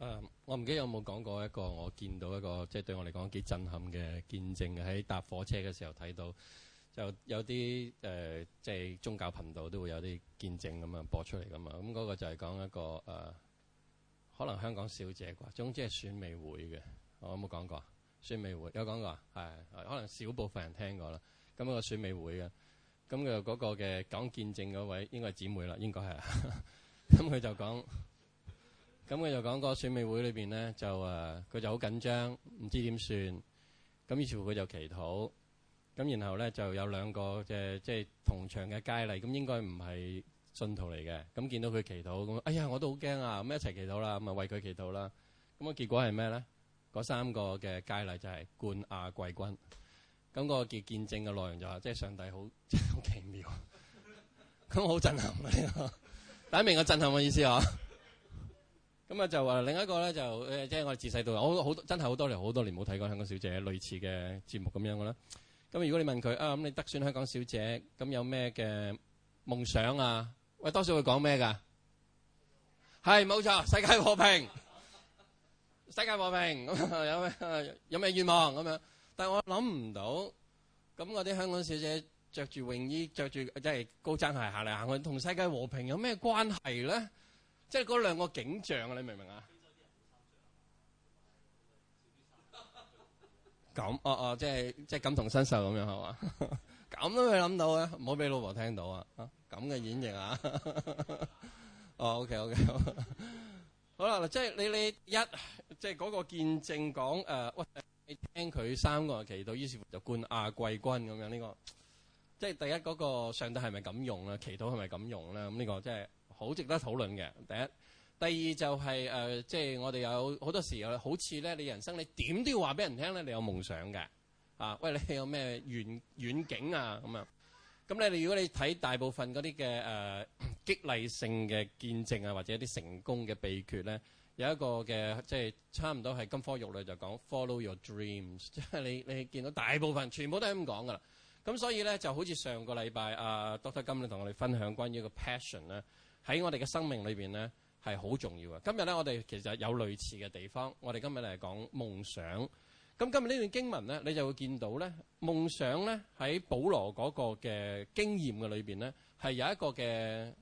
誒，uh, 我唔記得有冇講過一個我見到一個即係、就是、對我嚟講幾震撼嘅見證，喺搭火車嘅時候睇到，就有啲誒，即、呃、係、就是、宗教頻道都會有啲見證咁樣播出嚟噶嘛，咁、那、嗰個就係講一個誒、呃，可能香港小姐啩，總之係選美會嘅，我有冇講過？選美會有講過啊，係、哎，可能少部分人聽過啦。咁、那個選美會嘅，咁嘅嗰個嘅講見證嗰位應該係姊妹啦，應該係，咁佢、 嗯、就講。咁佢就講個選美會裏面咧，就誒佢就好緊張，唔知點算。咁於是乎佢就祈禱。咁然後咧就有兩個即係即係同場嘅佳麗，咁應該唔係信徒嚟嘅。咁見到佢祈禱，咁哎呀我都好驚啊！咁一齊祈禱啦，咁啊為佢祈禱啦。咁啊結果係咩咧？嗰三個嘅佳麗就係冠亞季軍。咁個見見證嘅內容就話、是：「即係上帝好好奇妙。咁好 震撼啊！第一 明個震撼嘅意思啊！咁啊就話另一個咧就誒，即係我哋自細到好好真係好多年，好多年冇睇過香港小姐類似嘅節目咁樣嘅啦。咁如果你問佢啊，咁你得選香港小姐，咁有咩嘅夢想啊？喂，多少會講咩㗎？係冇的錯，世界和平， 世界和平。有咩有咩願望咁樣？但係我諗唔到，咁嗰啲香港小姐着住泳衣、着住即係高踭鞋行嚟行去，同世界和平有咩關係咧？即係嗰兩個景象啊！你明唔明 啊？咁，哦哦，即係即係感同身受咁 樣係嘛？咁都未諗到啊！唔好俾老婆聽到啊！咁嘅演繹啊！ 哦，OK OK，好啦，嗱，即係你你一，即係嗰個見證講、呃、喂，你聽佢三個祈禱，於是乎就冠亞季軍咁樣呢個，即係第一嗰個上帝係咪咁用啊？祈禱係咪咁用啦？咁呢個即係。好值得討論嘅。第一、第二就係、是、誒，即、呃、係、就是、我哋有好多時候，好似咧，你人生你點都要話俾人聽咧，你有夢想嘅啊。喂，你有咩遠遠景啊？咁樣咁咧，如果你睇大部分嗰啲嘅誒激勵性嘅見證啊，或者啲成功嘅秘訣咧，有一個嘅即係差唔多係金科玉律就說，就講 follow your dreams，即係你你見到大部分全部都係咁講噶啦。咁所以咧就好似上個禮拜阿 Doctor 金咧同我哋分享關於個 passion 咧。喺我哋嘅生命裏邊咧，係好重要嘅。今日咧，我哋其實有類似嘅地方。我哋今日嚟講夢想。咁今日呢段經文咧，你就會見到咧，夢想咧喺保羅嗰個嘅經驗嘅裏邊咧，係有一個嘅誒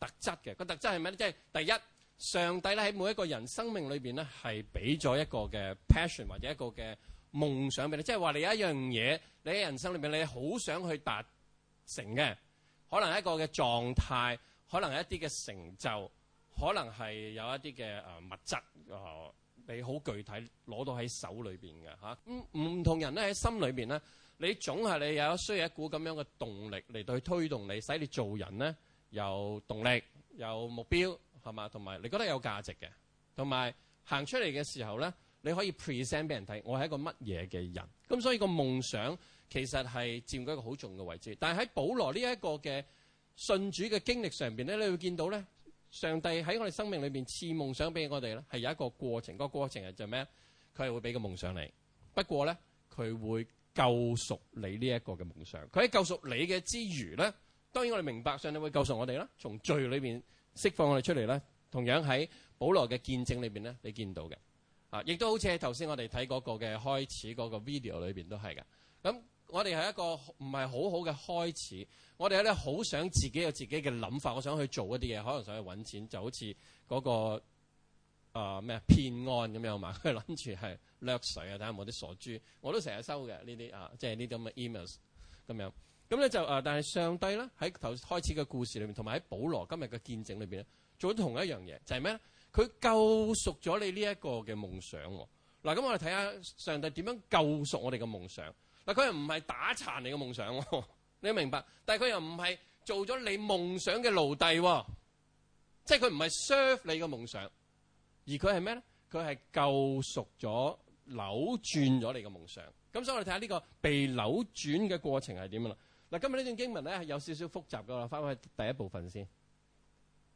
特質嘅。個特質係咩咧？即係第一，上帝咧喺每一個人生命裏邊咧，係俾咗一個嘅 passion 或者一個嘅夢想俾你，即係話你有一樣嘢，你喺人生裏面你好想去達成嘅，可能係一個嘅狀態。可能係一啲嘅成就，可能係有一啲嘅物質，你好具體攞到喺手裏邊嘅吓，唔、嗯、同人咧喺心裏邊咧，你總係你有需要一股咁樣嘅動力嚟到去推動你，使你做人咧有動力、有目標，係嘛，同埋你覺得有價值嘅，同埋行出嚟嘅時候咧，你可以 present 俾人睇，我係一個乜嘢嘅人。咁所以個夢想其實係佔據一個好重嘅位置。但係喺保羅呢一個嘅。信主嘅經歷上邊咧，你會見到咧，上帝喺我哋生命裏邊賜夢想俾我哋咧，係有一個過程。個過程係就咩？佢係會俾個夢想你，不過咧，佢會救贖你呢一個嘅夢想。佢喺救贖你嘅之餘咧，當然我哋明白上帝會救贖我哋啦，從罪裏邊釋放我哋出嚟咧。同樣喺保羅嘅見證裏邊咧，你見到嘅啊，亦都好似喺頭先我哋睇嗰個嘅開始嗰個 video 裏邊都係嘅。咁我哋係一個唔係好好嘅開始。我哋咧好想自己有自己嘅諗法，我想去做一啲嘢，可能想去搵錢，就好似嗰、那個啊咩騙案咁樣嘛。佢諗住係掠水啊，睇下有冇啲傻豬，我都成日收嘅呢啲啊，即、就、係、是、呢啲咁嘅 emails 咁樣。咁咧就誒、啊，但係上帝啦，喺頭開始嘅故事裏面，同埋喺保羅今日嘅見證裏邊咧，做咗同一樣嘢，就係咩咧？佢救贖咗你呢一個嘅夢想。嗱、啊，咁我哋睇下上帝點樣救贖我哋嘅夢想。嗱，佢又唔係打殘你嘅夢想，你明白？但係佢又唔係做咗你夢想嘅奴隸，即係佢唔係 serve 你嘅夢想，而佢係咩咧？佢係救贖咗、扭轉咗你嘅夢想。咁所以我哋睇下呢個被扭轉嘅過程係點樣啦。嗱，今日呢段經文咧係有少少複雜噶啦，翻返去第一部分先，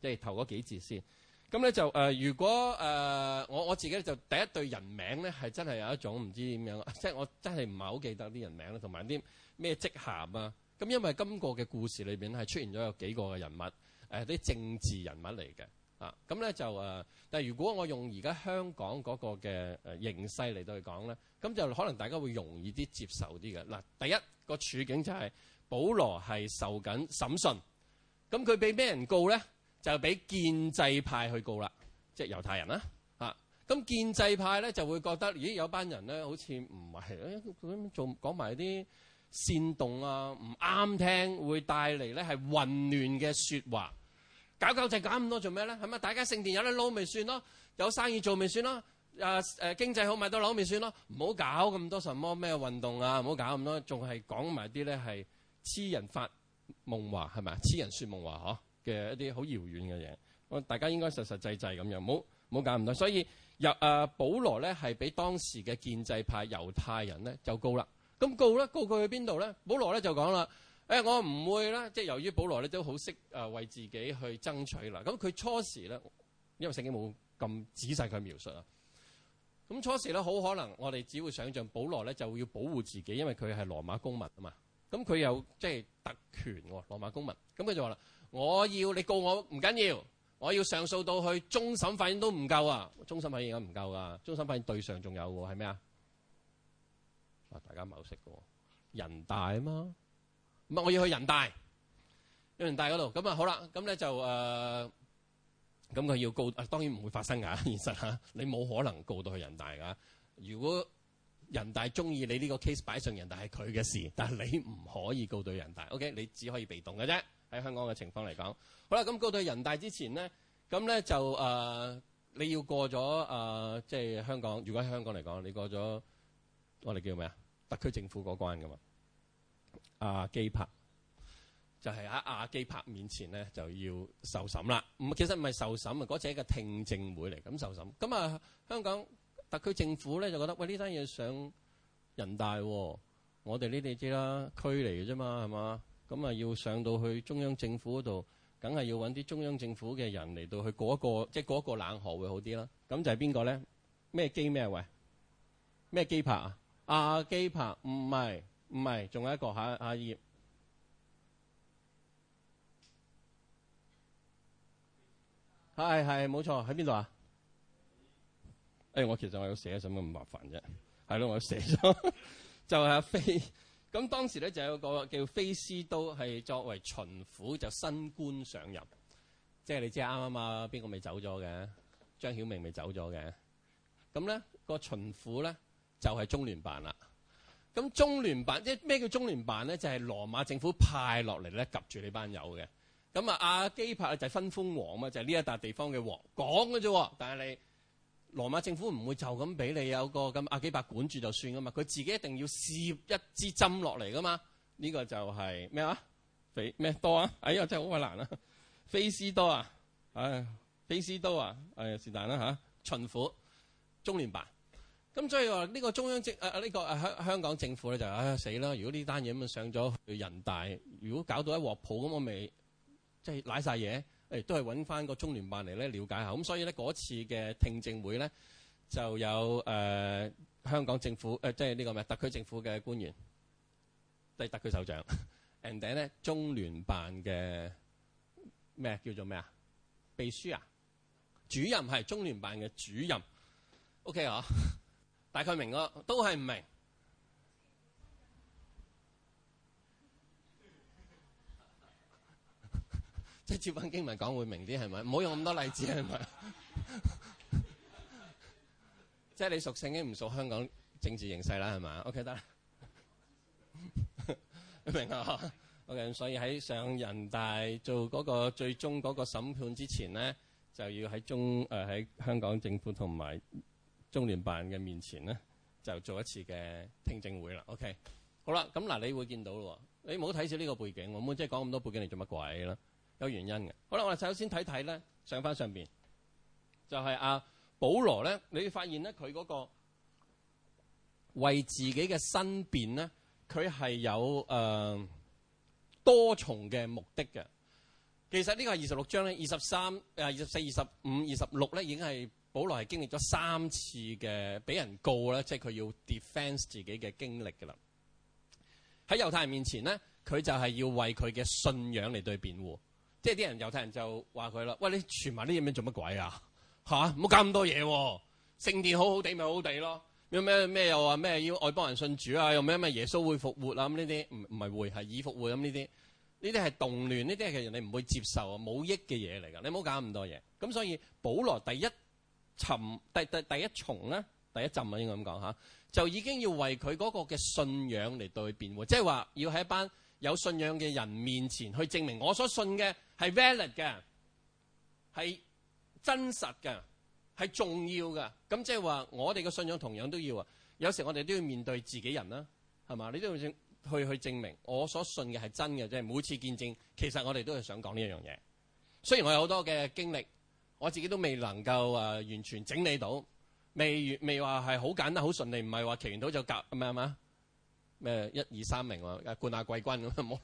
即係頭嗰幾節先。咁咧就、呃、如果誒、呃、我我自己咧就第一對人名咧係真係有一種唔知點樣，即係我真係唔係好記得啲人名啦同埋啲咩職銜啊。咁因為今個嘅故事裏邊係出現咗有幾個嘅人物，係、呃、啲政治人物嚟嘅啊。咁咧就、呃、但係如果我用而家香港嗰個嘅誒形勢嚟到去講咧，咁就可能大家會容易啲接受啲嘅。嗱，第一個處境就係、是、保羅係受緊審訊，咁佢俾咩人告咧？就俾建制派去告啦，即、就、係、是、猶太人啦、啊、嚇。咁、啊、建制派咧就會覺得，咦，有班人咧好似唔係，做講埋啲煽動啊，唔啱聽，會帶嚟咧係混亂嘅説話。搞搞就搞咁多做咩咧？係咪，大家聖殿有得撈咪算咯，有生意做咪算咯，誒、啊、誒、啊、經濟好買到樓咪算咯，唔好搞咁多什麼咩運動啊，唔好搞咁多，仲係講埋啲咧係痴人發夢話係咪啊？黐人説夢話呵。嘅一啲好遙遠嘅嘢，大家應該實實際際咁樣，冇冇搞咁多。所以入啊，保羅咧係俾當時嘅建制派猶太人咧就告啦。咁告咧，告佢去邊度咧？保羅咧就講啦，誒我唔會啦。即係由於保羅咧都好識啊，為自己去爭取啦。咁佢初時咧，因為聖經冇咁仔細去描述啊。咁初時咧，好可能我哋只會想像保羅咧就要保護自己，因為佢係羅馬公民啊嘛。咁佢有即係特權喎，羅馬公民。咁佢就話啦。我要你告我唔緊要，我要上訴到去終審法院都唔夠啊！終審法院都唔夠噶、啊，終審法院對上仲有喎、啊，係咩啊？啊，大家冇識個人大啊嘛，咁啊，我要去人大，去人大嗰度咁啊，好啦，咁咧就誒，咁、呃、佢要告啊，當然唔會發生㗎。現實嚇你冇可能告到去人大㗎。如果人大中意你呢、這個 case 擺上人大係佢嘅事，但係你唔可以告到他人大。O.K. 你只可以被動嘅啫。喺香港嘅情況嚟講，好啦，咁過到人大之前咧，咁咧就誒、呃、你要過咗誒，即、呃、係、就是、香港，如果喺香港嚟講，你過咗我哋叫咩啊？特區政府嗰關㗎嘛？亞基帕就係喺亞基帕面前咧，就要受審啦。唔，其實唔係受審啊，嗰只係一個聽證會嚟。咁受審咁啊，香港特區政府咧就覺得喂呢單嘢上人大、啊，我哋呢，你知啦，區嚟嘅啫嘛，係嘛？咁啊，要上到去中央政府嗰度，梗係要搵啲中央政府嘅人嚟到去過,一,過,過,一,過一,、啊、一個，即係過一個冷河會好啲啦。咁就係邊個咧？咩機咩位？咩機拍啊？亞機拍唔係唔係，仲有一個嚇阿葉。係係冇錯，喺邊度啊？誒、哎，我其實我有寫，使乜咁麻煩啫？係咯， 我有寫咗，就係、是、阿飛。咁當時咧就有個個叫菲斯都係作為巡撫，就新官上任，即係你知啱啊嘛？邊個未走咗嘅？張曉明未走咗嘅。咁、那、咧個巡撫咧就係、是、中聯辦啦。咁中聯辦即係咩叫中聯辦咧？就係、是、羅馬政府派落嚟咧，及住呢班友嘅。咁啊，阿基柏就分封王嘛，就係、是、呢一笪地方嘅王講嘅啫，但係你。羅馬政府唔會就咁俾你有個咁阿基伯管住就算噶嘛，佢自己一定要插一支針落嚟噶嘛。呢、這個就係咩話？肥咩多啊？哎呀，真係好困難啊！菲斯多啊，唉、哎，菲斯多啊，唉、哎，是但啦吓，秦、啊、虎中聯辦。咁所以話呢、這個中央政啊呢、這個香、啊、香港政府咧就唉死啦！如果呢單嘢咁啊上咗去人大，如果搞到一鑊泡咁，我咪即係瀨晒嘢。誒都係揾翻個中聯辦嚟咧瞭解下，咁所以咧嗰次嘅聽證會咧就有誒、呃、香港政府誒即係呢個咩特區政府嘅官員，即係特區首長。and then 咧中聯辦嘅咩叫做咩啊？秘書啊？主任係中聯辦嘅主任。OK 嗬？大概明咯，都係唔明。即係照翻經文講會明啲，係咪唔好用咁多例子？係咪 即係你屬性已經唔熟香港政治形勢啦？係咪啊？OK 得啦， 你明啊？OK，所以喺上人大做嗰個最終嗰個審判之前咧，就要喺中誒喺、呃、香港政府同埋中聯辦嘅面前咧，就做一次嘅聽證會啦。OK，好啦，咁嗱，你會見到咯。你唔好睇少呢個背景，我冇即係講咁多背景嚟做乜鬼啦？有原因嘅。好啦，我哋首先睇睇咧，上翻上邊就係、是、阿、啊、保羅咧。你會發現咧，佢嗰個為自己嘅申辯咧，佢係有誒、呃、多重嘅目的嘅。其實這個26 23, 24, 25, 26呢個係二十六章咧，二十三、誒二十四、二十五、二十六咧，已經係保羅係經歷咗三次嘅俾人告咧，即係佢要 defence 自己嘅經歷嘅啦。喺猶太人面前咧，佢就係要為佢嘅信仰嚟對辯護。即係啲人猶太人就話佢啦，喂你傳埋呢嘢咩做乜鬼啊？唔好搞咁多嘢、啊，聖殿好好地咪好地咯。有咩咩又話咩要外邦人信主啊？又咩咩耶穌會復活啊？咁呢啲唔唔係會係以復活咁呢啲？呢啲係動亂，呢啲係人哋唔會接受啊，冇益嘅嘢嚟㗎。你唔好搞咁多嘢。咁所以保羅第一沉第第第，第一重咧、啊，第一浸啊應該咁講嚇，就已經要為佢嗰個嘅信仰嚟對佢辯護，即係話要喺一班有信仰嘅人面前去證明我所信嘅。係 valid 嘅，係真實嘅，係重要嘅。咁即係話，我哋嘅信仰同樣都要啊。有時我哋都要面對自己人啦，係嘛？你都要去去證明我所信嘅係真嘅，即係每次見證。其實我哋都係想講呢一樣嘢。雖然我有好多嘅經歷，我自己都未能夠誒完全整理到，未未話係好簡單、好順利，唔係話騎完到就夾咁樣係嘛？咩一二三名啊，冠亞季軍咁冇。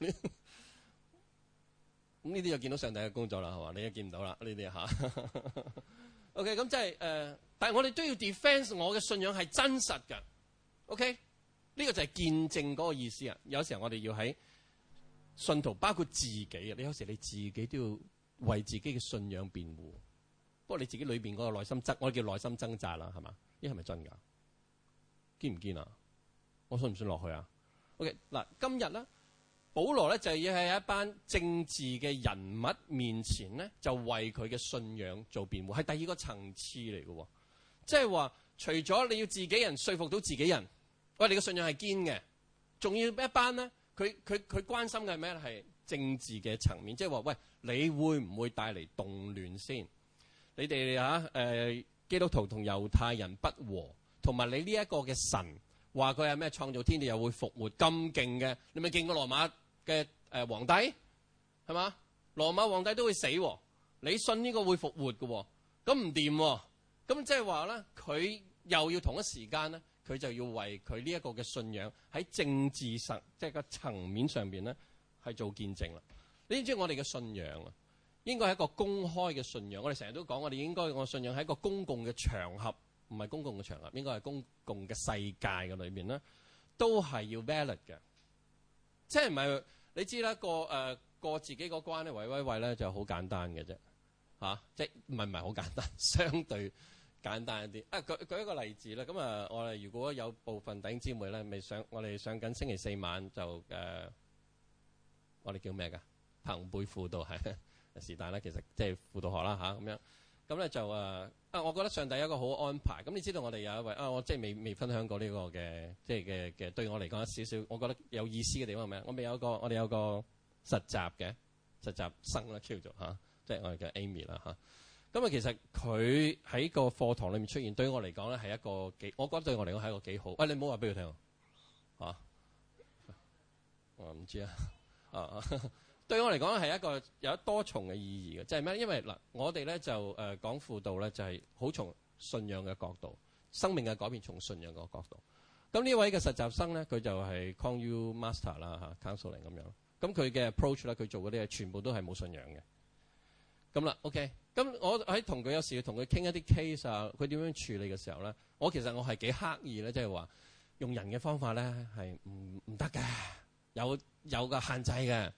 咁呢啲又見到上帝嘅工作啦，係嘛？你又見唔到啦？呢啲，吓！OK，咁即係誒，但係我哋都要 defence 我嘅信仰係真實㗎。OK，呢個就係見證嗰個意思啊。有時候我哋要喺信徒，包括自己啊，你有時你自己都要為自己嘅信仰辯護。不過你自己裏邊嗰個內心，我哋叫內心掙扎啦，係嘛？呢係咪真㗎？堅唔堅啊？我信唔信落去啊？OK，嗱，今日咧。保羅咧就係要喺一班政治嘅人物面前咧，就為佢嘅信仰做辯護，係第二個層次嚟嘅。即係話，除咗你要自己人說服到自己人，喂，你嘅信仰係堅嘅，仲要一班咧，佢佢佢關心嘅係咩咧？係政治嘅層面，即係話，喂，你會唔會帶嚟動亂先？你哋吓誒，基督徒同猶太人不和，同埋你呢一個嘅神，話佢係咩創造天地又會復活咁勁嘅，你咪見過羅馬？嘅誒、呃、皇帝係嘛？羅馬皇帝都會死喎，哦，你信呢個會復活嘅喎，哦？咁唔掂喎？咁即係話咧，佢又要同一時間咧，佢就要為佢呢一個嘅信仰喺政治上即係個層面上邊咧係做見證啦。你知唔知我哋嘅信仰啊？應該係一個公開嘅信仰。我哋成日都講，我哋應該我信仰係一個公共嘅場合，唔係公共嘅場合，應該係公共嘅世界嘅裏面咧，都係要 valid 嘅。即係唔係你知啦？過誒、呃、過自己個關咧，委委屈屈咧就好簡單嘅啫，嚇、啊、即係唔係唔係好簡單，相對簡單一啲。誒、啊、舉舉一個例子啦，咁啊我哋如果有部分弟兄姊妹咧，未上我哋上緊星期四晚就誒、呃，我哋叫咩嘅？朋輩輔導係是但啦，其實即係、就是、輔導學啦吓，咁、啊、樣。咁咧就誒，啊，我覺得上帝有一個好安排。咁你知道我哋有一位啊，我即係未未分享過呢個嘅，即係嘅嘅，對我嚟講一少少，我覺得有意思嘅地方係咩？我未有一個，我哋有一個實習嘅實習生啦，叫做吓、啊，即係我哋叫 Amy 啦吓，咁啊，其實佢喺個課堂裏面出現，對於我嚟講咧係一個幾，我覺得對我嚟講係一個幾好。喂、啊，你唔好話俾佢聽啊，啊，我唔知啊，啊。 對我嚟講係一個有多重嘅意義嘅，即係咩？因為嗱，我哋咧就誒講輔導咧，就係好從信仰嘅角度，生命嘅改變從信仰個角度。咁呢位嘅實習生咧，佢就係 call you master 啦嚇，counseling 咁樣。咁佢嘅 approach 咧，佢做嗰啲嘢全部都係冇信仰嘅。咁啦，OK。咁我喺同佢有時同佢傾一啲 case 啊，佢點樣處理嘅時候咧，我其實我係幾刻意咧，即係話用人嘅方法咧係唔唔得嘅，有有個限制嘅。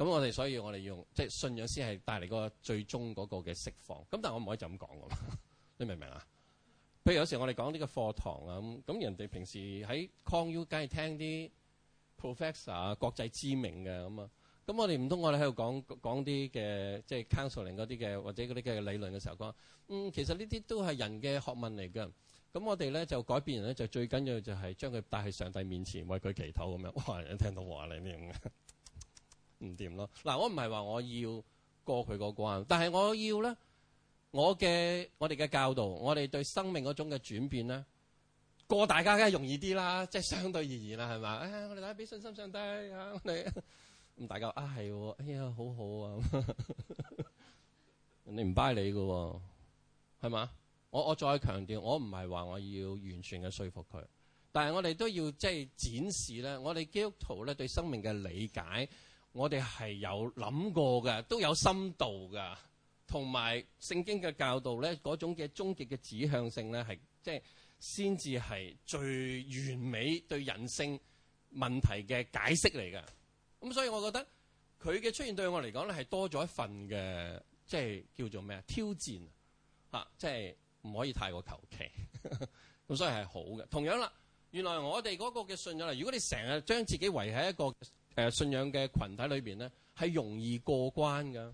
咁我哋所以我哋，我哋用即係信仰先係帶嚟個最終嗰個嘅釋放。咁但係我唔可以就咁講噶嘛？你明唔明啊？譬如有時候我哋講呢個課堂啊，咁人哋平時喺 Couny 梗係聽啲 Professor 國際知名嘅咁啊。咁我哋唔通我哋喺度講講啲嘅即係 Counseling 嗰啲嘅或者嗰啲嘅理論嘅時候講，嗯，其實呢啲都係人嘅學問嚟噶。咁我哋咧就改變人咧就最緊要就係將佢帶去上帝面前為佢祈禱咁樣。哇！人聽到我話你啲咁嘅。唔掂咯嗱！我唔係話我要過佢個關，但係我要咧，我嘅我哋嘅教導，我哋對生命嗰種嘅轉變咧，過大家梗係容易啲啦，即係相對而言啦，係嘛？唉、哎，我哋大家俾信心上帝 啊！我哋咁大家啊，係喎，哎呀，好好啊！ 你唔拜你㗎喎，係嘛？我我再強調，我唔係話我要完全嘅說服佢，但係我哋都要即係展示咧，我哋基督徒咧對生命嘅理解。我哋係有諗過嘅，都有深度嘅，同埋聖經嘅教導咧，嗰種嘅終極嘅指向性咧，係即係先至係最完美對人性問題嘅解釋嚟嘅。咁所以，我覺得佢嘅出現對我嚟講咧，係多咗一份嘅，即係叫做咩啊挑戰啊，即係唔可以太過求其。咁 所以係好嘅。同樣啦，原來我哋嗰個嘅信仰咧，如果你成日將自己圍喺一個誒信仰嘅群體裏邊咧，係容易過關嘅。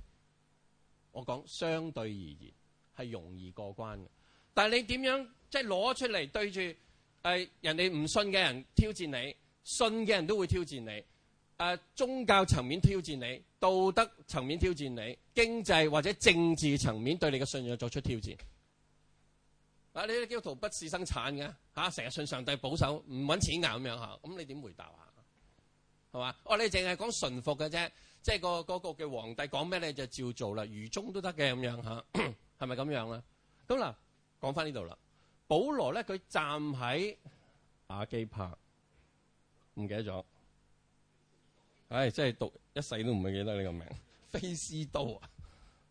我講相對而言係容易過關嘅，但係你點樣即係攞出嚟對住誒、呃、人哋唔信嘅人挑戰你，信嘅人都會挑戰你。誒、呃、宗教層面挑戰你，道德層面挑戰你，經濟或者政治層面對你嘅信仰作出挑戰。啊，你啲基督徒不事生產嘅吓，啊、成日信上帝保守唔搵錢啊咁樣吓，咁你點回答啊？哦，你淨係講順服嘅啫，即係個嗰個嘅皇帝講咩你就照做啦，如忠都得嘅咁樣吓，係咪咁樣啊？咁嗱，講返呢度啦。保羅咧，佢站喺阿、啊、基帕，唔記、哎、記得咗。唉，即係讀一世都唔會記得你個名字。非 斯都啊，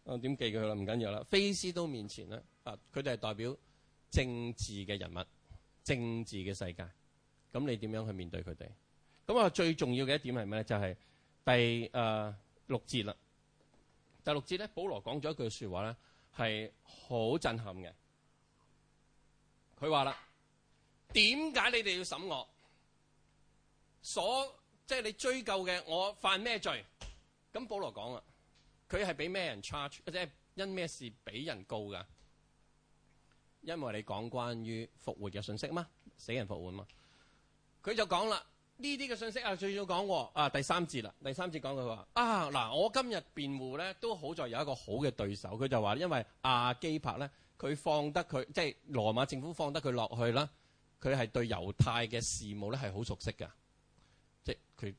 啊，點記佢啦？唔緊要啦。非斯都面前咧，啊，佢哋係代表政治嘅人物、政治嘅世界，咁你點樣去面對佢哋？咁啊，最重要嘅一點係咩咧？就係、是、第、呃、六節啦。第六節咧，保羅講咗一句説話咧，係好震撼嘅。佢話啦：點解你哋要審我？所即係、就是、你追究嘅我犯咩罪？咁保羅講啦，佢係俾咩人 charge，或者因咩事俾人告㗎？因為你講關於復活嘅信息嘛，死人復活嘛？佢就講啦。呢啲嘅信息啊，最早講講喎。啊，第三節啦，第三節講佢話啊，嗱、啊，我今日辯護咧都好在有一個好嘅對手。佢就話，因為亞、啊、基帕咧，佢放得佢即係羅馬政府放得佢落去啦，佢係對猶太嘅事務咧係好熟悉㗎。即係佢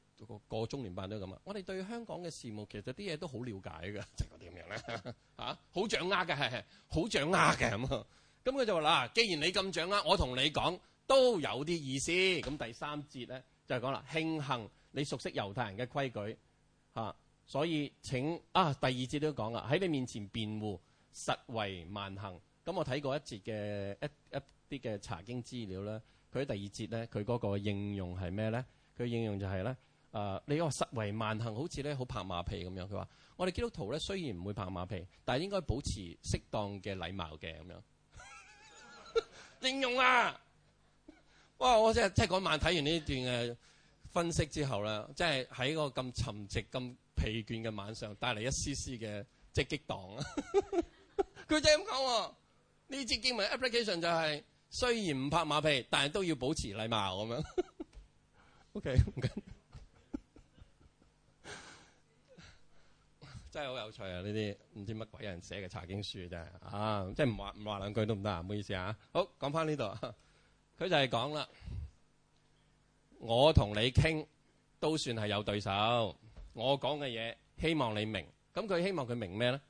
個中聯辦都咁啊。我哋對香港嘅事務其實啲嘢都好了解嘅，即係點樣咧？嚇，好掌握嘅係係好掌握嘅。咁。咁 佢就話啦、啊，既然你咁掌握，我同你講都有啲意思。咁第三節咧。就係講啦，慶幸你熟悉猶太人嘅規矩嚇、啊，所以請啊第二節都講啦，喺你面前辯護實為萬幸。咁我睇過一節嘅一一啲嘅查經資料咧，佢喺第二節咧，佢嗰個應用係咩咧？佢應用就係、是、咧，誒、啊、你話實為萬幸，好似咧好拍馬屁咁樣。佢話我哋基督徒咧雖然唔會拍馬屁，但係應該保持適當嘅禮貌嘅咁樣。 應用啊！哇！我即係即係嗰晚睇完呢段嘅分析之後啦，即係喺個咁沉寂、咁疲倦嘅晚上，帶嚟一絲絲嘅即係激盪啊！佢就係咁講喎，呢節經文 application 就係、是、雖然唔拍馬屁，但係都要保持禮貌咁樣。 OK，唔緊。 真係好有趣啊！呢啲唔知乜鬼人寫嘅查經書真、啊、係啊！即係唔話唔話兩句都唔得唔好意思啊，好講翻呢度。佢就係講啦，我同你傾都算係有對手。我講嘅嘢希望你明。咁佢希望佢明咩咧？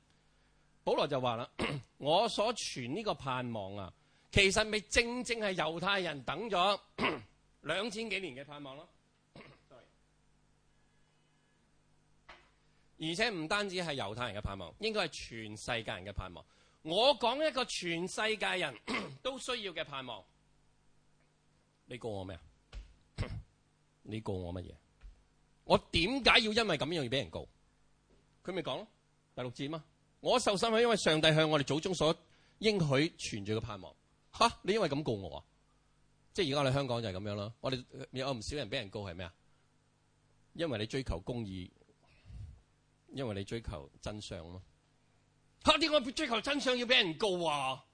保羅就話啦，我所傳呢個盼望啊，其實咪正正係猶太人等咗兩千幾年嘅盼望咯。而且唔單止係猶太人嘅盼望，應該係全世界人嘅盼望。我講一個全世界人都需要嘅盼望。你告我咩啊？ 你告我乜嘢？我點解要因為咁樣要俾人告？佢咪講第六節嘛？我受審因為上帝向我哋祖宗所應許存在嘅盼望。吓、啊，你因為咁告我啊？即係而家我哋香港就係咁樣啦。我哋有唔少人俾人告係咩啊？因為你追求公義，因為你追求真相咯。吓、啊，點解追求真相要俾人告啊？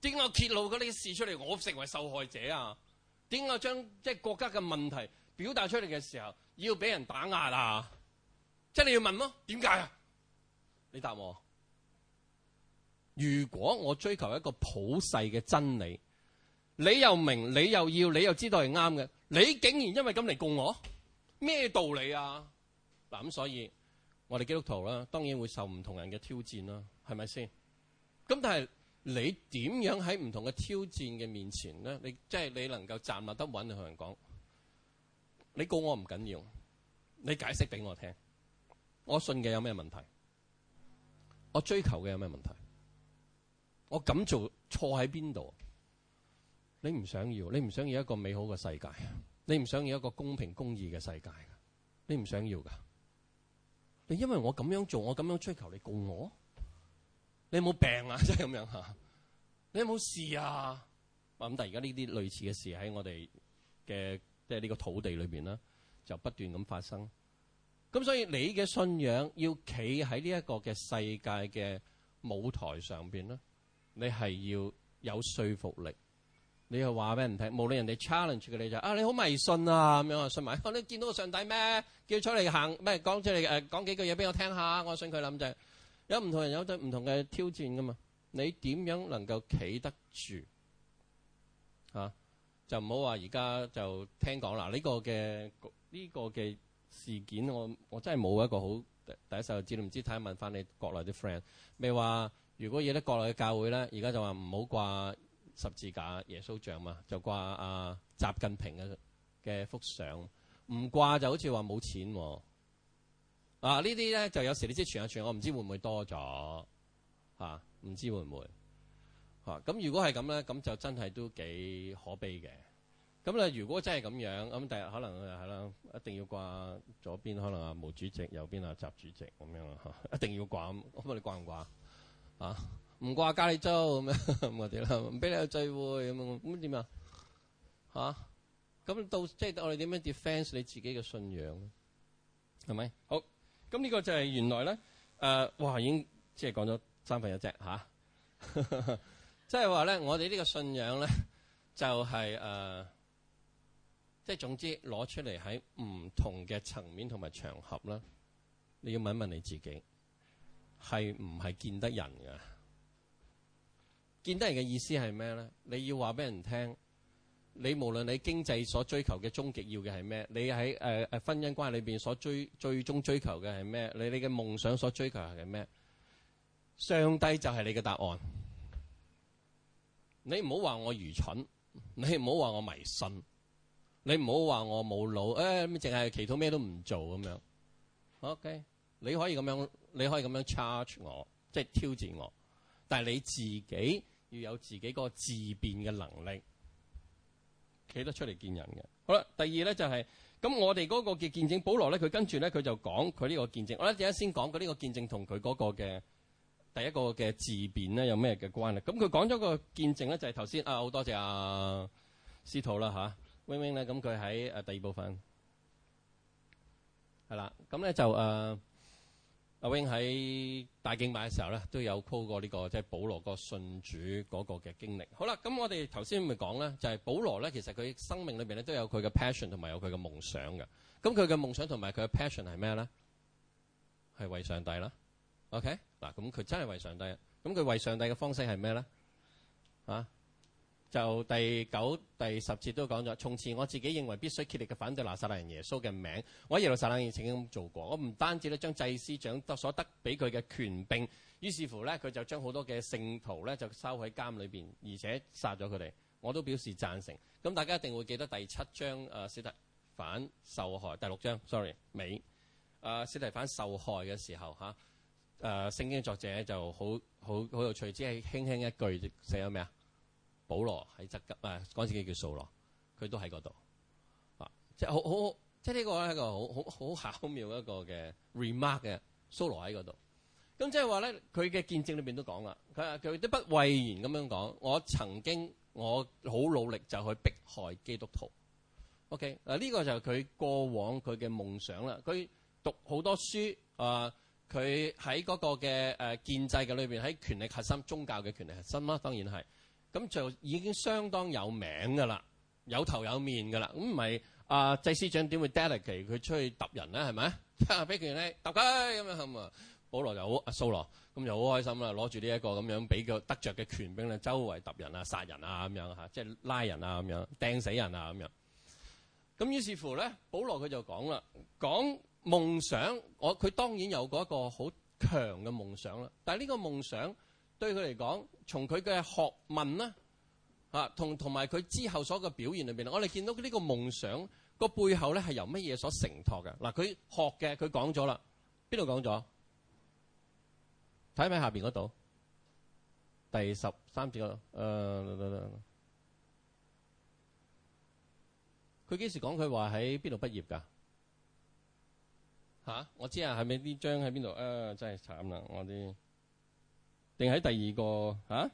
點解揭露嗰啲事出嚟我成為受害者啊？點解將即係國家嘅問題表達出嚟嘅時候要俾人打壓啊？即係你要問咯，點解啊？你答我。如果我追求一個普世嘅真理，你又明，你又要，你又知道係啱嘅，你竟然因為咁嚟共我，咩道理啊？嗱咁，所以我哋基督徒啦，當然會受唔同人嘅挑戰啦，係咪先？咁但係。你點樣喺唔同嘅挑戰嘅面前咧？你即係你能夠站立得穩向人講，你告我唔緊要，你解釋俾我聽，我信嘅有咩問題？我追求嘅有咩問題？我咁做錯喺邊度？你唔想要？你唔想要一個美好嘅世界？你唔想要一個公平公義嘅世界？你唔想要㗎？你因為我咁樣做，我咁樣追求，你告我？你有冇病啊？即係咁樣吓、啊，你有冇事啊？咁但係而家呢啲類似嘅事喺我哋嘅即係呢個土地裏邊啦，就不斷咁發生。咁所以你嘅信仰要企喺呢一個嘅世界嘅舞台上邊啦，你係要有說服力，你又話俾人聽。無論人哋 challenge 嘅你就是，啊，你好迷信啊咁樣啊，信埋我。你見到個上帝咩？叫出嚟行咩？講出嚟誒，講幾句嘢俾我聽下，我信佢諗就。有唔同人有對唔同嘅挑戰噶嘛？你點樣能夠企得住？吓、啊、就唔好話而家就聽講啦。呢、這個嘅呢、這個嘅事件，我我真係冇一個好第一手知，唔知睇下問翻你國內啲 friend。咪話如，如果要得國內嘅教會咧，而家就話唔好掛十字架、耶穌像嘛，就掛、啊、習近平嘅嘅幅相。唔掛就好似話冇錢、啊。啊！呢啲咧就有時你即傳下傳，我唔知會唔會多咗吓，唔知會唔會咁、啊、如果係咁咧，咁就真係都幾可悲嘅。咁咧，如果真係咁樣，咁第日可能係啦，一定要掛左邊可能阿毛主席，右邊阿習主席咁樣、啊啊、一定要掛。咁、啊、你掛唔掛啊？唔掛加利州咁樣咁嗰啦，唔 俾你去聚會咁，咁點啊嚇？咁到即係、就是、我哋點樣 defence 你自己嘅信仰係咪好？咁呢個就係原來咧，誒、呃，哇，已經即係講咗三分一隻嚇，即係話咧，我哋呢個信仰咧，就係誒，即係總之攞出嚟喺唔同嘅層面同埋場合啦，你要問一問你自己，係唔係見得人㗎？見得人嘅意思係咩咧？你要話俾人聽。你無論你經濟所追求嘅終極要嘅係咩？你喺誒誒婚姻關係裏邊所追最終追求嘅係咩？你你嘅夢想所追求係咩？上帝就係你嘅答案。你唔好話我愚蠢，你唔好話我迷信，你唔好話我冇腦，誒淨係祈禱咩都唔做咁樣。OK，你可以咁樣，你可以咁樣 charge 我，即係挑戰我。但係你自己要有自己個自辯嘅能力。企得出嚟見人嘅。好啦，第二咧就係、是、咁，我哋嗰個嘅見證呢，保羅咧佢跟住咧佢就講佢呢個見證。我咧而家先講佢呢個見證同佢嗰個嘅第一個嘅自辯咧有咩嘅關係？咁佢講咗個見證咧就係頭先啊，好多謝啊司徒啦吓，wing wing 咧咁佢喺誒第二部分係啦，咁咧就誒、啊。阿永喺大敬拜嘅時候咧，都有 po 過呢、這個即係、就是、保羅個信主嗰個嘅經歷。好啦，咁我哋頭先咪講咧，就係、是、保羅咧，其實佢生命裏邊咧都有佢嘅 passion 同埋有佢嘅夢想嘅。咁佢嘅夢想同埋佢嘅 passion 係咩咧？係為上帝啦。OK，嗱，咁佢真係為上帝。咁、okay? 佢為上帝嘅方式係咩咧？啊！就第九、第十節都講咗，從前我自己認為必須竭力嘅反對拿撒勒人耶穌嘅名。我喺耶路撒冷以前已經做過，我唔單止咧將祭司長得所得俾佢嘅權柄，於是乎咧佢就將好多嘅聖徒咧就收喺監裏面，而且殺咗佢哋。我都表示贊成。咁大家一定會記得第七章誒，司、啊、提反受害，第六章 sorry 尾誒，司、啊、提反受害嘅時候吓、啊，聖經作者就好好好有趣，只係輕輕一句寫咗咩啊？保羅喺執吉，唔係嗰陣時叫掃羅，佢都喺嗰度，啊，即係好好，即係呢個係一個好好好巧妙一個嘅 remark 嘅掃羅喺嗰度。咁即係話咧，佢嘅見證裏邊都講啦，佢佢都不諱言咁樣講，我曾經我好努力就去逼害基督徒。OK，嗱、啊、呢、呢個就係佢過往佢嘅夢想啦。佢讀好多書，啊，佢喺嗰個嘅誒建制嘅裏邊，喺權力核心、宗教嘅權力核心啦，當然係。咁就已經相當有名㗎啦，有頭有面㗎啦，咁唔係啊，祭司長點會 delegate 佢出去揼人咧？係咪啊？佢得咧揼佢咁樣係啊，保羅就好、啊，蘇羅咁就好開心啦，攞住呢一個咁樣俾個得著嘅權柄，咧，周圍揼人啊、殺人啊咁樣，即係拉人啊咁樣，掟死人啊咁樣。咁於是乎咧，保羅佢就講啦，講夢想，我佢當然有嗰一個好強嘅夢想啦，但係呢個夢想。對佢嚟講，從佢嘅學問啦，吓同同埋佢之後所嘅表現裏邊，我哋見到呢個夢想個背後咧，係由乜嘢所承托嘅？嗱，佢學嘅佢講咗啦，邊度講咗？睇喺下邊嗰度，第十三節個，誒、呃，佢幾時講，佢話喺邊度畢業噶？吓、啊，我知啊，係咪呢張喺邊度？啊、呃，真係慘啦，我啲。定喺第二個啊，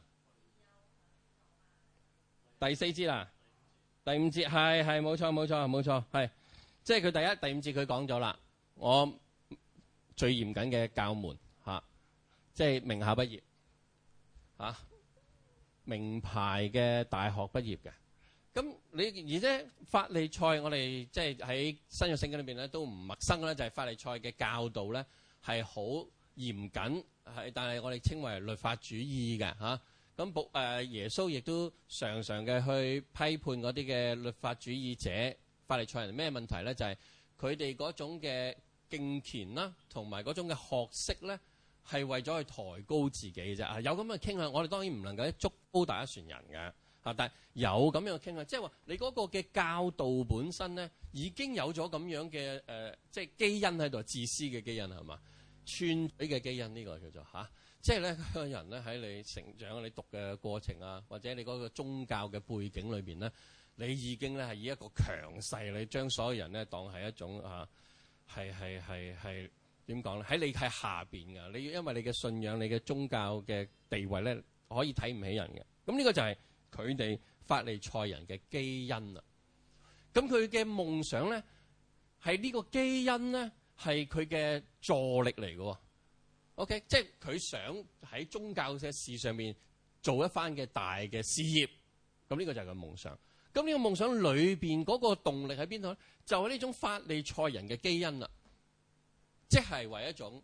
第四節啦、啊，第五節係係冇錯冇錯冇錯係，即係佢第一第五節佢講咗啦，我最嚴謹嘅教門嚇、啊，即係名校畢業嚇、啊，名牌嘅大學畢業嘅，咁你而且法利賽我哋即係喺新約聖經裏邊咧都唔陌生咧，就係、是、法利賽嘅教導咧係好嚴謹。係，但係我哋稱為律法主義嘅嚇。咁誒耶穌亦都常常嘅去批判嗰啲嘅律法主義者，法利賽人咩問題咧？就係佢哋嗰種嘅敬虔啦，同埋嗰種嘅學識咧，係為咗去抬高自己嘅啫。有咁嘅傾向，我哋當然唔能夠一捉高大一船人嘅嚇。但係有咁樣嘅傾向，即係話你嗰個嘅教導本身咧，已經有咗咁樣嘅誒，即係基因喺度自私嘅基因係嘛？是。村仔嘅基因呢個叫做嚇，即係咧，佢個人咧喺你成長、你讀嘅過程啊，或者你嗰個宗教嘅背景裏邊咧，你已經咧係以一個強勢，你將所有人咧當係一種啊，係係係係點講咧？喺你喺下邊㗎，你因為你嘅信仰、你嘅宗教嘅地位咧，可以睇唔起人嘅。咁呢個就係佢哋法利賽人嘅基因啊。咁佢嘅夢想咧，係呢個基因咧。係佢嘅助力嚟㗎，OK，即係佢想喺宗教嘅事上面做一番嘅大嘅事業，咁呢個就係佢嘅夢想。咁呢個夢想裏邊嗰個動力喺邊度咧？就係呢種法利賽人嘅基因啦，即係為一種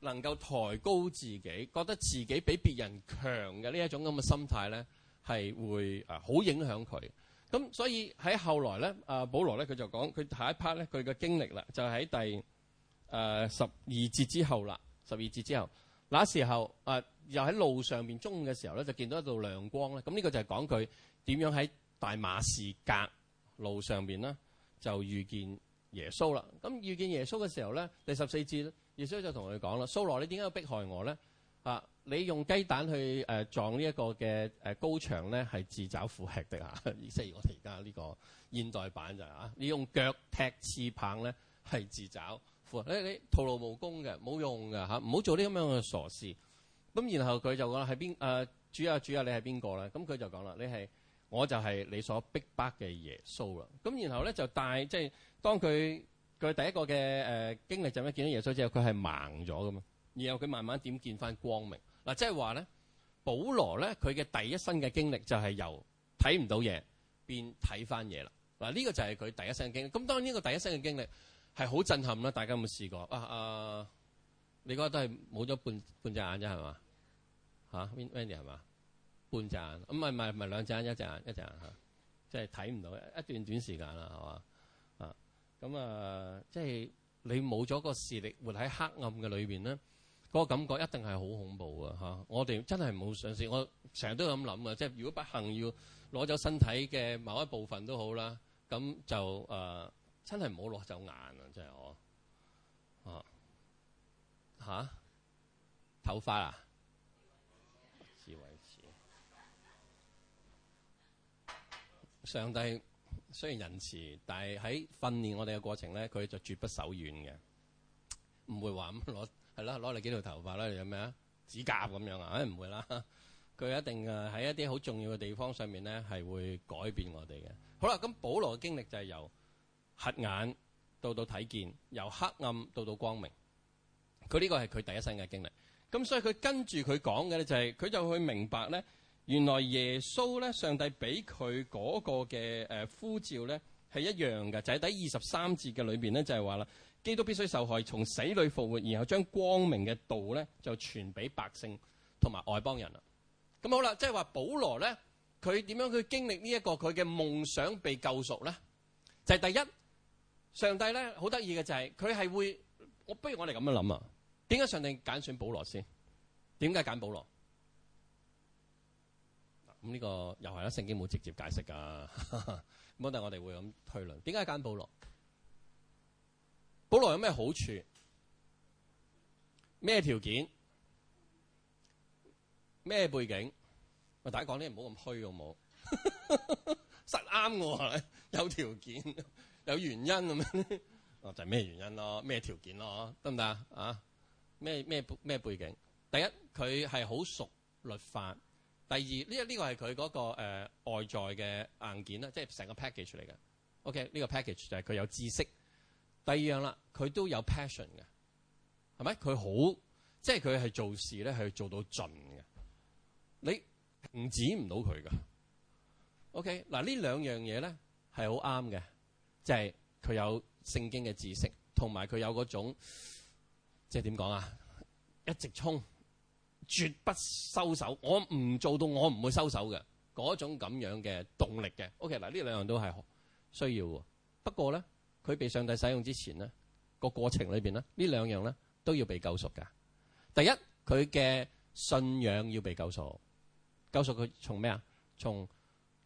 能夠抬高自己，覺得自己比別人強嘅呢一種咁嘅心態咧，係會啊好影響佢。咁所以喺後來咧，阿保羅咧佢就講佢下一 part 咧佢嘅經歷啦，就喺第。誒十二節之後啦，十二節之後，那時候啊、呃，又喺路上面，中午嘅時候咧，就見到一道亮光咧。咁呢個就係講佢點樣喺大馬士革路上邊呢，就遇見耶穌啦。咁遇見耶穌嘅時候咧，第十四節耶穌就同佢講啦：蘇羅，你點解要迫害我咧？啊，你用雞蛋去誒撞呢一個嘅誒高牆咧，係自找苦吃嘅啊。意思係呢個我哋而家呢個現代版就係啊，你用腳踢刺棒咧，係自找。你你徒勞無功嘅，冇用嘅嚇，唔好做啲咁樣嘅傻事。咁然後佢就講啦，係邊誒主啊主啊，你係邊個咧？咁佢就講啦，你係我就係你所逼迫嘅耶穌啦。咁然後咧就帶即係、就是、當佢佢第一個嘅誒、呃、經歷就係見到耶穌之後，佢係盲咗噶嘛。然後佢慢慢點見翻光明嗱，即係話咧，保羅咧佢嘅第一身嘅經歷就係由睇唔到嘢變睇翻嘢啦。嗱、這、呢個就係佢第一身嘅經歷。咁當呢個第一身嘅經歷。係好震撼啦！大家有冇試過啊？啊，你嗰個都係冇咗半半隻眼啫係嘛？吓，Wendy 係嘛？半隻眼，唔係唔係唔係兩隻眼，一隻眼一隻眼嚇，即係睇唔到一一段短時間啦係嘛？啊，咁啊，即係你冇咗個視力，活喺黑暗嘅裏邊咧，嗰個感覺一定係好恐怖嘅啊。嚇！我哋真係冇想試，我成日都咁諗啊。即係如果不幸要攞咗身體嘅某一部分都好啦，咁就啊～真係唔好攞走眼啊！真係我啊吓頭髮啊，智、啊、慧、啊、上帝雖然仁慈，但係喺訓練我哋嘅過程咧，佢就絕不手軟嘅，唔會話咁攞係咯，攞、啊、你幾條頭髮啦，有咩啊指甲咁樣啊？誒，唔會啦，佢一定喺一啲好重要嘅地方上面咧，係會改變我哋嘅。好啦，咁保羅嘅經歷就係由。瞎眼到到睇見，由黑暗到到光明，佢呢個係佢第一身嘅經歷。咁所以佢跟住佢講嘅咧就係，佢就去明白咧，原來耶穌咧，上帝俾佢嗰個嘅誒呼召咧係一樣嘅，就喺第二十三節嘅裡邊咧就係話啦，基督必須受害，從死裡復活，然後將光明嘅道咧就傳俾百姓同埋外邦人啦。咁好啦，即係話保羅咧，佢點樣去經歷呢一個佢嘅夢想被救贖咧？就係第一。上帝咧好得意嘅就係佢係會，我不如我哋咁樣諗啊？點解上帝揀選保羅先？點解揀保羅？咁呢、這個又係咧？聖經冇直接解釋噶，咁 但我哋會咁推論。點解揀保羅？保羅有咩好處？咩條件？咩背景？喂，大家講啲唔好咁虛好冇？實啱我，有條件。有原因咁樣， 就係咩原因咯？咩條件咯？得唔得啊？啊咩咩咩背景？第一佢係好熟律法，第二呢呢、呢個係佢嗰個、嗰個呃、外在嘅硬件啦，即係成個 package 嚟嘅。OK，呢個 package 就係佢有知識。第二樣啦，佢都有 passion 嘅，係咪？佢好即係佢係做事咧係做到盡嘅，你停止唔到佢噶。OK，嗱呢兩樣嘢咧係好啱嘅。即係佢有聖經嘅知識，同埋佢有嗰種即係點講啊？一直衝，絕不收手。我唔做到，我唔會收手嘅嗰種咁樣嘅動力嘅。O.K. 嗱，呢兩樣都係需要的。不過咧，佢被上帝使用之前呢個過程裏邊呢，呢兩樣咧都要被救贖嘅。第一，佢嘅信仰要被救贖，救贖佢從咩啊？從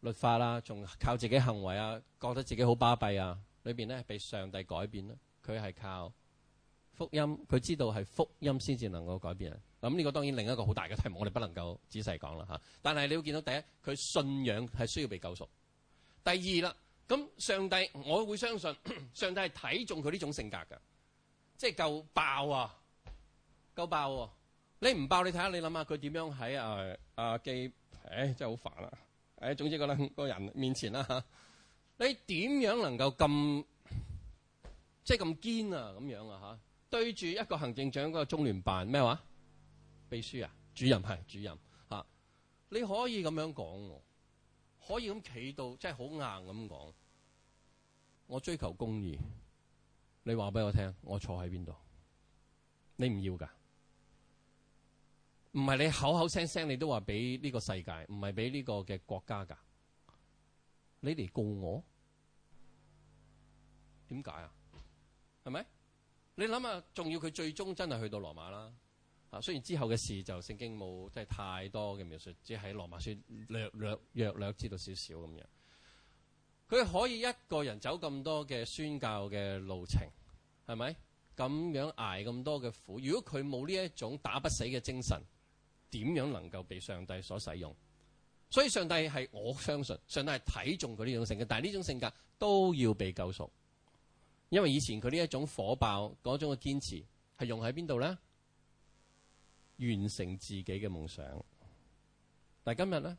律法啦，仲靠自己行為啊，覺得自己好巴閉啊，裏邊咧被上帝改變啦。佢係靠福音，佢知道係福音先至能夠改變啊。咁呢個當然另一個好大嘅題目，我哋不能夠仔細講啦嚇。但係你會見到第一，佢信仰係需要被救贖；第二啦，咁上帝，我會相信上帝係睇中佢呢種性格㗎，即係夠爆啊，夠爆喎、啊！你唔爆，你睇下你諗下佢點樣喺啊阿基，唉、欸、真係好煩啊。誒，總之個咧個人面前啦嚇，你點樣能夠咁即係咁堅啊咁樣啊嚇？對住一個行政長官、中聯辦咩話？秘書啊，主任係主任嚇，你可以咁樣講喎，可以咁企到即係好硬咁講。我追求公義，你話俾我聽，我坐喺邊度？你唔要㗎？唔係你口口聲聲你都話俾呢個世界，唔係俾呢個嘅國家噶，你嚟告我？點解啊？係咪？你諗下，仲要佢最終真係去到羅馬啦？啊，雖然之後嘅事就聖經冇即係太多嘅描述，只係羅馬書略略略略知道少少咁樣。佢可以一個人走咁多嘅宣教嘅路程，係咪？咁樣挨咁多嘅苦，如果佢冇呢一種打不死嘅精神？點樣能夠被上帝所使用？所以，上帝係我相信，上帝係睇中佢呢種性格，但係呢種性格都要被救贖，因為以前佢呢一種火爆嗰種嘅堅持係用喺邊度咧？完成自己嘅夢想嗱。但今日咧，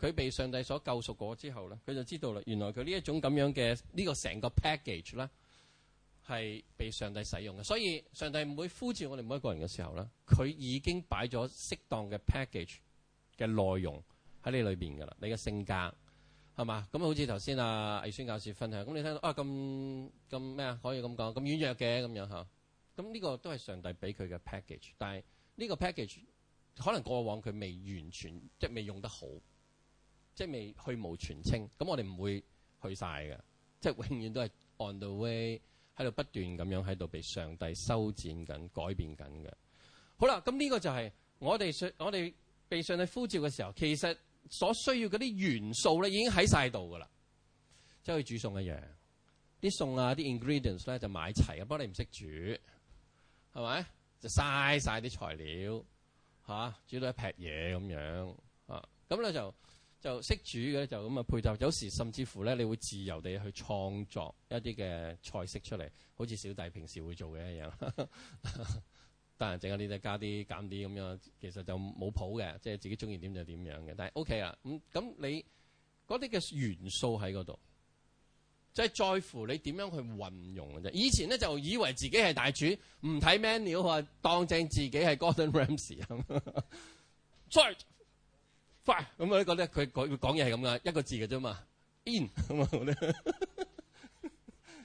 佢被上帝所救贖過之後咧，佢就知道啦。原來佢、這個、呢一種咁樣嘅呢個成個 package 啦。係被上帝使用嘅，所以上帝唔會呼召我哋每一個人嘅時候咧，佢已經擺咗適當嘅 package 嘅內容喺你裏邊噶啦。你嘅性格係嘛？咁好似頭先阿魏宣教授分享，咁你聽到啊咁咁咩啊？可以咁講，咁軟弱嘅咁樣吓，咁呢個都係上帝俾佢嘅 package。但係呢個 package 可能過往佢未完全，即係未用得好，即係未去無全清。咁我哋唔會去晒嘅，即係永遠都係 on the way。喺度不斷咁樣喺度被上帝修剪緊、改變緊嘅。好啦，咁呢個就係我哋信、我哋被上帝呼召嘅時候，其實所需要嗰啲元素咧已經喺晒度噶啦。即係煮餸一樣，啲餸啊、啲 ingredients 咧就買齊，不過你唔識煮，係咪？就嘥晒啲材料嚇，煮到一劈嘢咁樣啊，咁咧就。就識煮嘅就咁啊配搭，有時甚至乎咧，你會自由地去創作一啲嘅菜式出嚟，好似小弟平時會做嘅 一樣。但係整下呢啲加啲減啲咁樣，其實就冇譜嘅，即係自己中意點就點樣嘅。但係 OK 啊，咁咁你嗰啲嘅元素喺嗰度，即係在乎你點樣去運用啫。以前呢，就以為自己係大廚，唔睇 menu 啊，當正自己係 Gordon Ramsay 咁。 快咁我呢個咧，佢講佢講嘢係咁噶，一個字嘅啫嘛。in 咁啊，我咧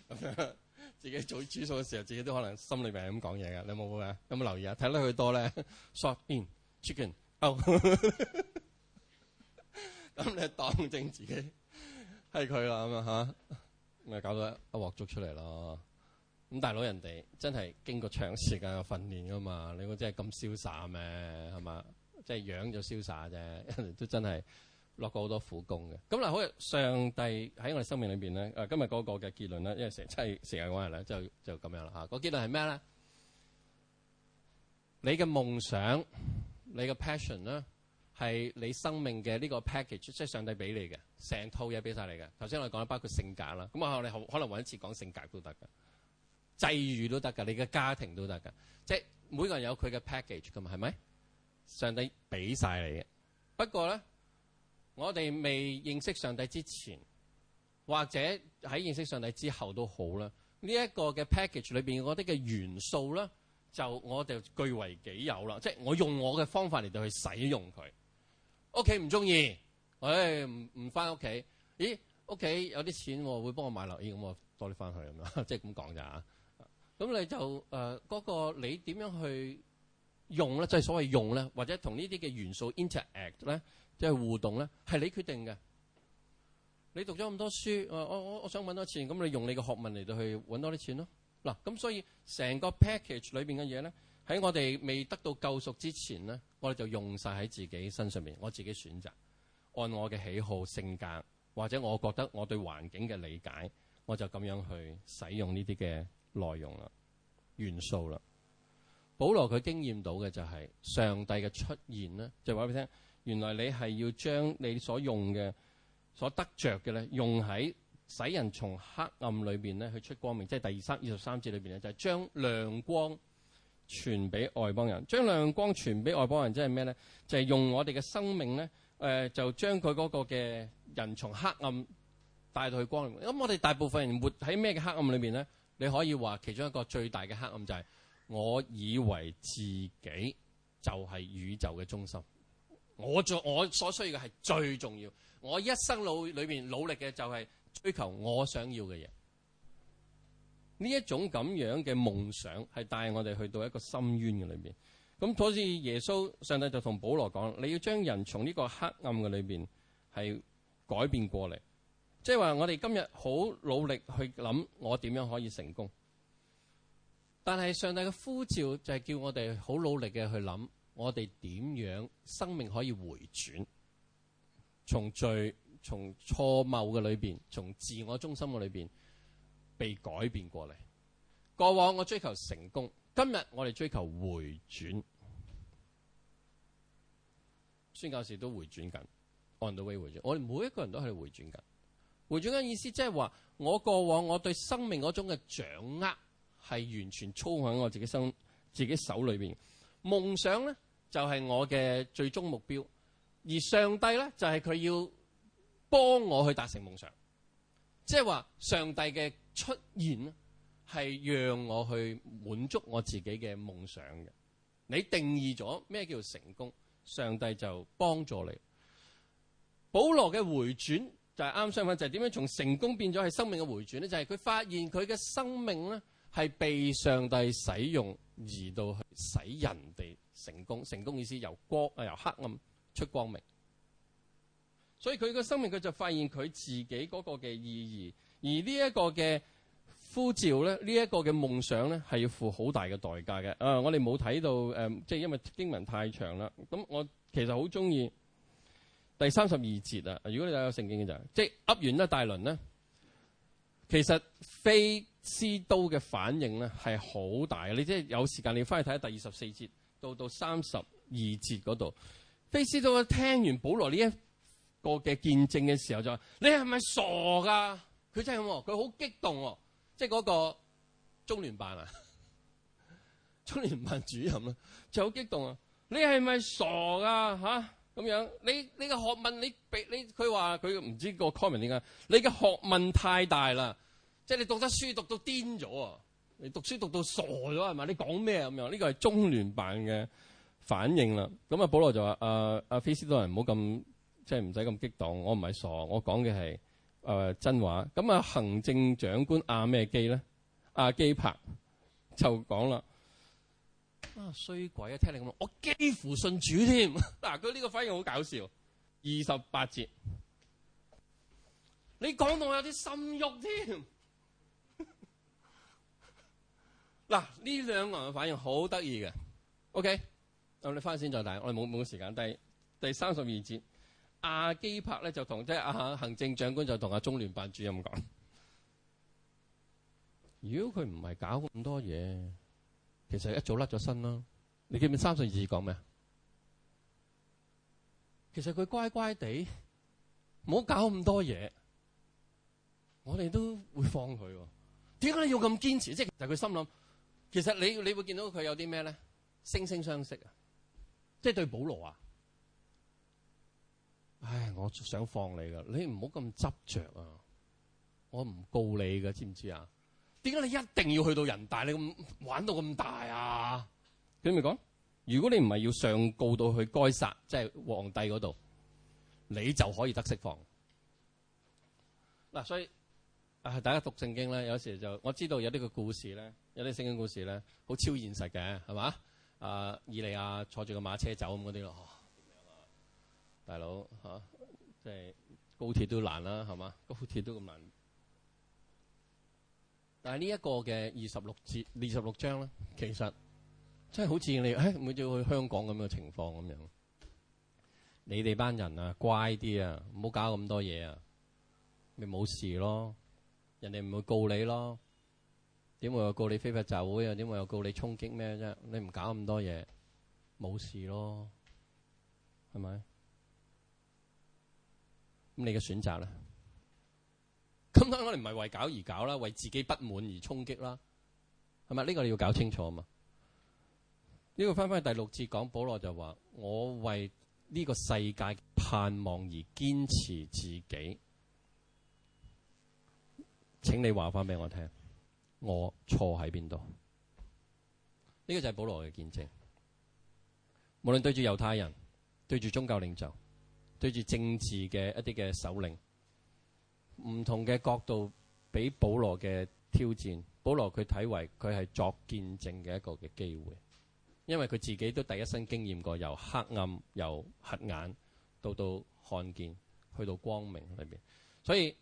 咁自己做煮數嘅時候，自己都可能心裏邊係咁講嘢嘅。你有冇啊？有冇留意啊？睇得佢多咧，shop in chicken out。咁你當正自己係佢啦，咁啊嚇，咪搞到一鑊粥出嚟咯。咁大佬人哋真係經過長時間嘅訓練噶嘛？你估真係係咁瀟灑咩？係嘛？即係養咗瀟灑啫，都真係落過好多苦功嘅。咁嗱，好，上帝喺我哋生命裏邊咧，誒，今日個個嘅結論啦，因為成真係成日講嘢咧，就就咁樣啦嚇。個結論係咩咧？你嘅夢想、你嘅 passion 啦，係你生命嘅呢個 package，即係上帝俾你嘅，成套嘢俾晒你嘅。頭先我哋講包括性格啦，咁我哋可能揾一次講性格都得㗎，際遇都得㗎，你嘅家庭都得㗎，即係每個人有佢嘅 package 㗎嘛，係咪？上帝俾晒你嘅，不過咧，我哋未認識上帝之前，或者喺認識上帝之後都好啦。呢、這、一個嘅 package 裏邊嗰啲嘅元素咧，就我哋據為己有啦。即係我用我嘅方法嚟到去使用佢。屋企唔中意，唉、哎，唔唔翻屋企。咦，屋企有啲錢，我會幫我買樓，咁我多啲翻去咁樣，即係咁講咋嚇？咁你就嗰、呃嗰個你點樣去？用咧，即係所謂用咧，或者同呢啲嘅元素 interact 咧，即係互動咧，係你決定嘅。你讀咗咁多書，我我我想搵多錢，咁你用你嘅學問嚟到去搵多啲錢咯。嗱，咁所以成個 package 裏邊嘅嘢咧，喺我哋未得到救贖之前咧，我哋就用晒喺自己身上面。我自己選擇，按我嘅喜好、性格或者我覺得我對環境嘅理解，我就咁樣去使用呢啲嘅內容啦、元素啦。保羅佢經驗到嘅就係上帝嘅出現咧，就話俾你聽，原來你係要將你所用嘅、所得著嘅咧，用喺使人從黑暗裏邊咧去出光明，即係第二三二十三節裏邊咧，就係將亮光傳俾外邦人，將亮光傳俾外邦人，即係咩咧？就係用我哋嘅生命咧，誒，就將佢嗰個嘅人從黑暗帶到去光明。咁我哋大部分人活喺咩嘅黑暗裏邊咧？你可以話其中一個最大嘅黑暗就係。我以為自己就係宇宙嘅中心，我做我所需要嘅係最重要。我一生腦裏邊努力嘅就係追求我想要嘅嘢。呢一種咁樣嘅夢想係帶我哋去到一個深淵嘅裏邊。咁好似耶穌上帝就同保羅講：你要將人從呢個黑暗嘅裏邊係改變過嚟。即係話我哋今日好努力去諗我點樣可以成功。但係上帝嘅呼召就係叫我哋好努力嘅去諗，我哋點樣生命可以回轉？從罪、從錯謬嘅裏邊，從自我中心嘅裏邊，被改變過嚟。過往我追求成功，今日我哋追求回轉。孫教授都回轉緊，on the way 回轉。我哋每一個人都係回轉緊。回轉緊意思即係話，我過往我對生命嗰種嘅掌握。係完全操喺我自己生自己手裏邊。夢想咧就係、是、我嘅最終目標，而上帝咧就係、是、佢要幫我去達成夢想，即係話上帝嘅出現係讓我去滿足我自己嘅夢想嘅。你定義咗咩叫成功，上帝就幫助你。保羅嘅回轉就係啱相反，就係點樣從成功變咗係生命嘅回轉咧？就係、是、佢發現佢嘅生命咧。係被上帝使用而到去使人哋成功，成功的意思由光啊由黑暗出光明。所以佢個生命佢就發現佢自己嗰個嘅意義，而呢一個嘅呼召咧，呢、這、一個嘅夢想咧，係要付好大嘅代價嘅。啊、嗯，我哋冇睇到誒，即、嗯、係、就是、因為經文太長啦。咁我其實好中意第三十二節啊。如果你有聖經嘅就即係噏完一大輪呢，其實非。菲斯都嘅反應咧係好大嘅，你即係有時間你翻去睇下第二十四節到到三十二節嗰度，菲斯都啊聽完保羅呢一個嘅見證嘅時候就話：你係咪傻㗎？佢真係咁喎，佢好激動喎、啊，即係嗰個中聯辦啊，中聯辦主任啊，就好激動啊！你係咪傻㗎？嚇、啊、咁樣，你你嘅學問你俾你，佢話佢唔知個 comment 點解，你嘅學問太大啦。即係你讀得書讀到癲咗啊！你讀書讀到傻咗係咪？你講咩啊？咁樣呢個係中聯辦嘅反應啦。咁啊，保羅就話：，誒、呃，阿、啊、非斯都人唔好咁，即係唔使咁激動。我唔係傻，我講嘅係誒真話。咁啊，行政長官阿、啊、咩基咧？阿、啊、基帕就講啦：，衰、啊、鬼啊！聽你咁，我幾乎信主添。嗱，佢呢個反應好搞笑。二十八節，你講到我有啲心喐添。嗱，呢兩個人嘅反應好得意嘅，OK，我哋翻先再睇，我哋冇冇時間。第第三十二節，亞基帕咧就同即係啊行政長官就同阿中聯辦主任講：，如果佢唔係搞咁多嘢，其實一早甩咗身啦。你記唔記？三十二節講咩啊？其實佢乖乖地，唔好搞咁多嘢，我哋都會放佢。點解你要咁堅持？即係佢心諗。其實你你會見到佢有啲咩咧？惺惺相惜啊，即係對保羅啊。唉，我想放你噶，你唔好咁執着啊。我唔告你噶，知唔知啊？點解你一定要去到人大？你咁玩到咁大啊？佢咪講？如果你唔係要上告到去該撒，即係皇帝嗰度，你就可以得釋放。嗱、啊，所以。啊！大家讀聖經咧，有時就我知道有啲個故事咧，有啲聖經故事咧，好超現實嘅，係嘛？啊，以利亞坐住個馬車走咁嗰啲咯，哦啊、大佬嚇，即、啊、係、即係、高鐵都難啦、啊，係嘛？高鐵都咁難，但係呢一個嘅二十六節、二十六章咧，其實真係好似你誒，好、哎、每次去香港咁嘅情況咁樣。你哋班人啊，乖啲啊，唔好搞咁多嘢啊，咪冇事咯。人哋唔會告你咯，點會又告你非法集會啊？點會又告你衝擊咩啫？你唔搞咁多嘢，冇事咯，係咪？咁你嘅選擇咧？咁當然唔係為搞而搞啦，為自己不滿而衝擊啦，係咪？呢個你要搞清楚啊嘛。呢個翻翻去第六節講，保羅就話：我為呢個世界盼望而堅持自己。請你話翻俾我聽，我錯喺邊度？呢個就係保羅嘅見證。無論對住猶太人、對住宗教領袖、對住政治嘅一啲嘅首領，唔同嘅角度俾保羅嘅挑戰，保羅佢睇為佢係作見證嘅一個嘅機會，因為佢自己都第一身經驗過由黑暗、由黑眼到到看見，去到光明裏邊。所以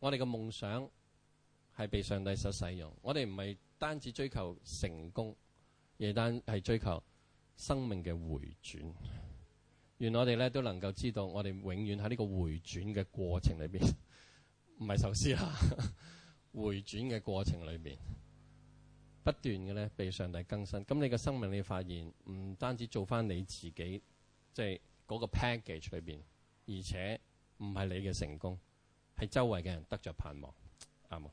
我哋嘅夢想，係被上帝所使用，我哋唔係單止追求成功，而係追求生命嘅回轉。原來我哋咧都能夠知道，我哋永遠喺呢個回轉嘅過程裏邊，唔係壽司啦，回轉嘅過程裏邊不斷嘅咧被上帝更新。咁你嘅生命，你發現唔單止做翻你自己，即係嗰個 package 裏邊，而且唔係你嘅成功，係周圍嘅人得着盼望，啱冇？